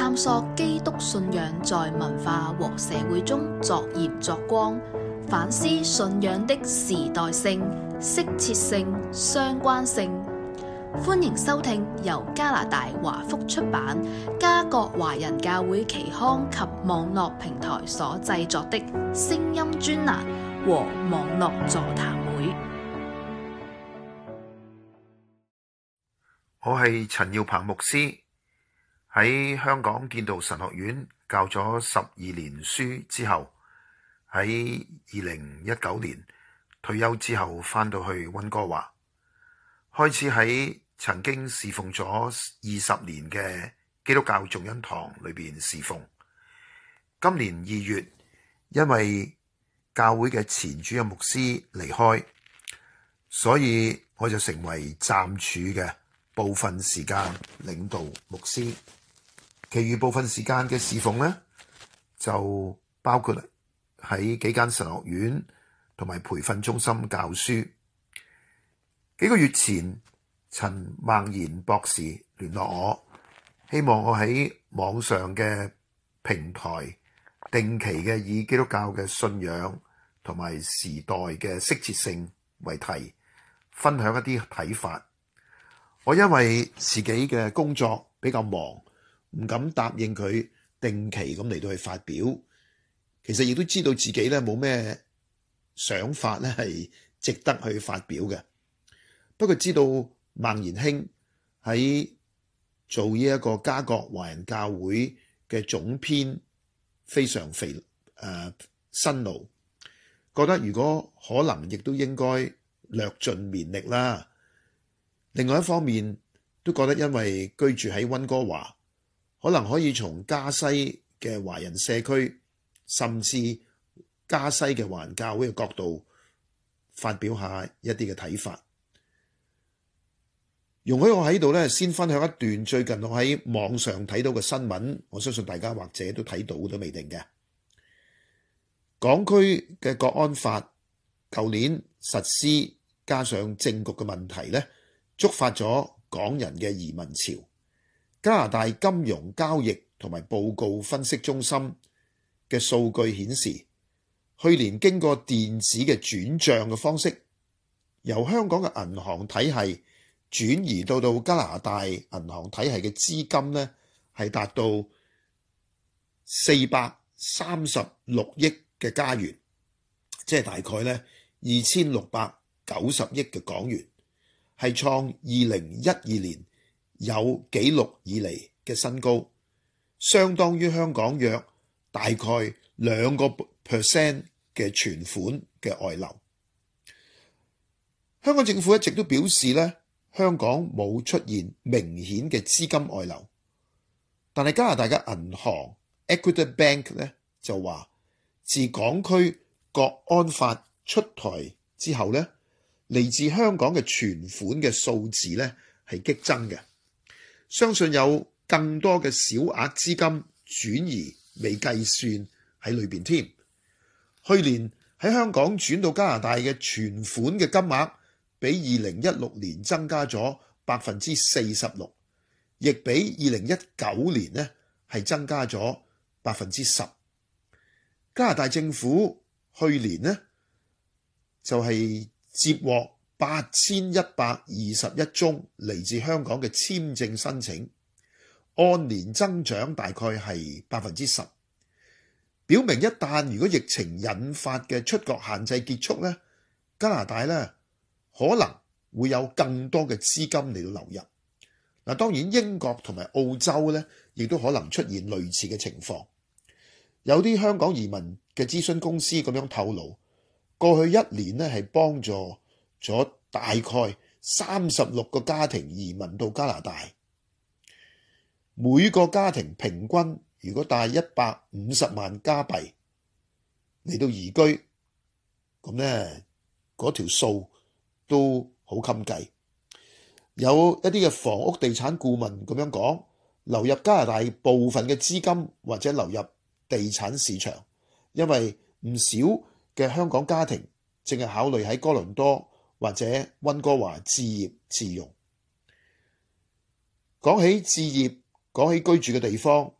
探索基督信仰在文化和社會中作鹽作光，反思信仰的時代性、適切性、相關性。歡迎收聽由加拿大華福出版、加國華人教會期刊及網絡平台所製作的聲音專欄和網絡座談會。我係陳耀鵬牧師。喺香港建道神學院教咗十二年書之後，喺二零一九年退休之後，翻到去溫哥華，開始喺曾經侍奉咗二十年嘅基督教眾恩堂裏邊侍奉。今年二月，因為教會嘅前主任牧師離開，所以我就成為暫處嘅部分時間領導牧師。其餘部分時間嘅侍奉呢，就包括喺幾間神學院同埋培訓中心教書。幾個月前，陳孟賢博士聯絡我，希望我喺網上嘅平台定期嘅以基督教嘅信仰同埋時代嘅適切性為題，分享一啲睇法。我因為自己嘅工作比較忙。唔敢答應佢定期咁嚟到去發表，其實亦都知道自己咧冇咩想法咧係值得去發表嘅。不過知道孟賢卿喺做呢一個加國華人教會嘅總編，非常肥誒、呃、辛勞，覺得如果可能亦都應該略盡綿力啦。另外一方面，都覺得因為居住喺溫哥華。可能可以從加西嘅華人社區，甚至加西嘅華人教會嘅角度發表下一啲嘅睇法。容許我喺度咧，先分享一段最近我喺網上睇到嘅新聞。我相信大家或者都睇到都未定嘅，港區嘅國安法舊年實施，加上政局嘅問題咧，觸發咗港人嘅移民潮。加拿大金融交易同埋報告分析中心嘅數據顯示，去年經過電子嘅轉賬嘅方式，由香港嘅銀行體系轉移到到加拿大銀行體系嘅資金咧，係達到四百三十六億嘅加元，即係大概咧二千六百九十億嘅港元，係創二零一二年。有紀錄以嚟嘅新高，相當於香港約大概兩個 percent 嘅存款嘅外流。香港政府一直都表示呢，香港冇出現明顯嘅資金外流。但係加拿大嘅銀行 Equity Bank 呢，就話，自港區國安法出台之後呢，嚟自香港嘅存款嘅數字呢係激增嘅。相信有更多嘅小額資金轉移未計算喺裏邊添。去年喺香港轉到加拿大嘅存款嘅金額，比二零一六年增加咗百分之四十六，亦比二零一九年呢係增加咗百分之十。加拿大政府去年呢，就係接獲，八千一百二十一宗嚟自香港嘅簽證申請，按年增長大概係百分之十，表明一旦如果疫情引發嘅出國限制結束呢，加拿大呢可能會有更多嘅資金嚟到流入嗱。當然，英國同埋澳洲呢亦都可能出現類似嘅情況。有啲香港移民嘅諮詢公司咁樣透露，過去一年呢係幫助。咗大概三十六個家庭移民到加拿大，每個家庭平均如果帶一百五十萬加幣嚟到移居，咁呢嗰條數都好襟計。有一啲嘅房屋地產顧問咁樣講，流入加拿大部分嘅資金或者流入地產市場，因為唔少嘅香港家庭淨係考慮喺多倫多。或者溫哥華置業自用，講起置業，講起居住嘅地方，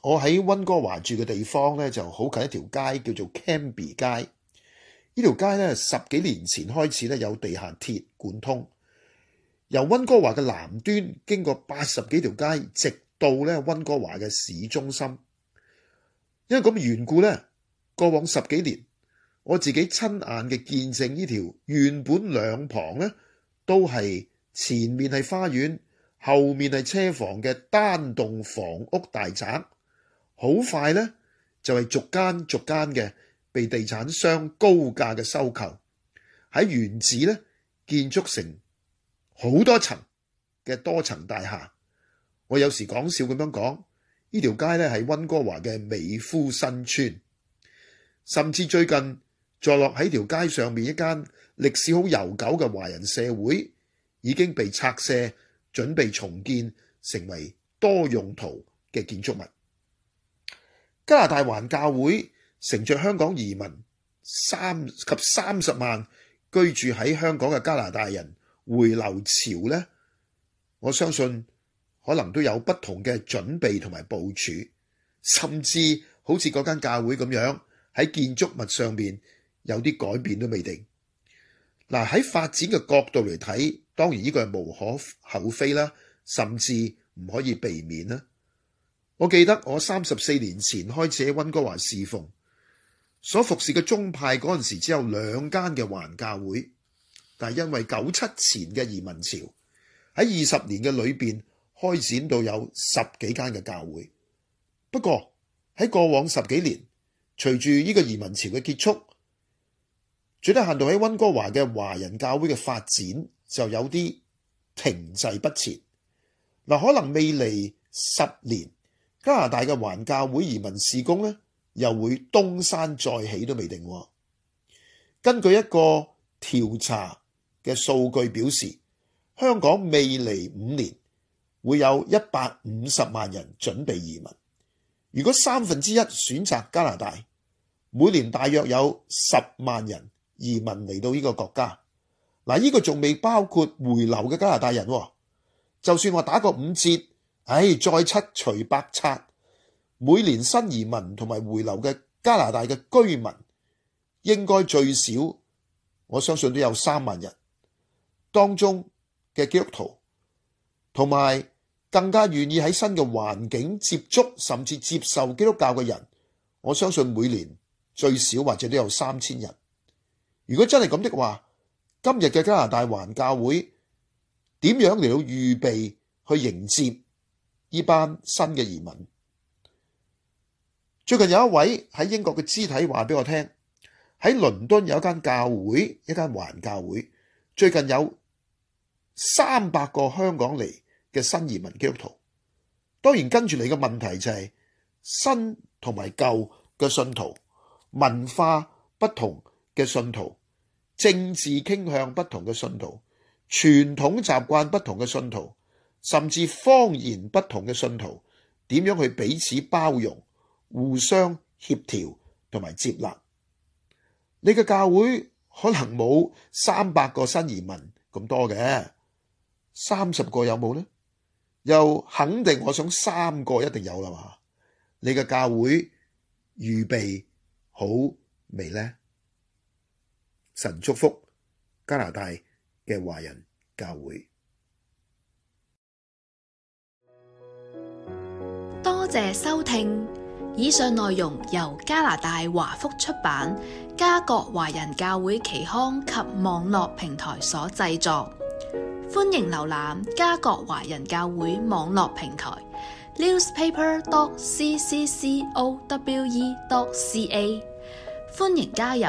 我喺溫哥華住嘅地方呢，就好近一條街叫做 Cambie 街。呢條街呢，十幾年前開始呢，有地下鐵貫通，由溫哥華嘅南端經過八十幾條街，直到呢溫哥華嘅市中心。因為咁嘅緣故呢，過往十幾年。我自己親眼嘅見證，條，呢條原本兩旁咧都係前面係花園，後面係車房嘅單棟房屋大宅，好快呢，就係、是、逐間逐間嘅被地產商高價嘅收購，喺原址呢，建築成好多層嘅多層大廈。我有時講笑咁樣講，呢條街呢係溫哥華嘅美孚新村，甚至最近。坐落喺條街上面一間歷史好悠久嘅華人教會，已經被拆卸，準備重建成為多用途嘅建築物。加拿大環教會乘着香港移民三及三十萬居住喺香港嘅加拿大人回流潮呢，我相信可能都有不同嘅準備同埋部署，甚至好似嗰間教會咁樣喺建築物上面。有啲改變都未定。嗱，喺發展嘅角度嚟睇，當然呢個係無可厚非啦，甚至唔可以避免啦。我記得我三十四年前開始喺温哥華侍奉，所服侍嘅宗派嗰陣時只有兩間嘅華人教會，但係因為九七前嘅移民潮，喺二十年嘅裏邊開展到有十幾間嘅教會。不過喺過往十幾年，隨住呢個移民潮嘅結束。最低限度喺温哥華嘅華人教會嘅發展就有啲停滯不前。嗱，可能未嚟十年加拿大嘅環教會移民事工咧，又會東山再起都未定。根據一個調查嘅數據表示，香港未嚟五年會有一百五十萬人準備移民。如果三分之一選擇加拿大，每年大約有十萬人。移民嚟到呢個國家嗱，呢個仲未包括回流嘅加拿大人、哦。就算我打個五折，唉、哎，再七除八七，每年新移民同埋回流嘅加拿大嘅居民應該最少，我相信都有三萬人，當中嘅基督徒，同埋更加願意喺新嘅環境接觸甚至接受基督教嘅人，我相信每年最少或者都有三千人。如果真係咁的話，今日嘅加拿大華人教會點樣嚟到預備去迎接呢班新嘅移民？最近有一位喺英國嘅肢體話俾我聽，喺倫敦有一間教會，一間華人教會，最近有三百個香港嚟嘅新移民基督徒。當然跟住嚟嘅問題就係、是、新同埋舊嘅信徒文化不同。嘅信徒、政治傾向不同嘅信徒、傳統習慣不同嘅信徒，甚至方言不同嘅信徒，點樣去彼此包容、互相協調同埋接納？你嘅教會可能冇三百個新移民咁多嘅，三十個有冇咧？又肯定我想三個一定有啦嘛，你嘅教會預備好未咧？神祝福加拿大嘅華人教會。多謝收聽，以上內容由加拿大華福出版、加國華人教會期刊及網絡平台所製作。歡迎瀏覽加國華人教會網絡平台 newspaper.cccowe.ca，歡迎加入。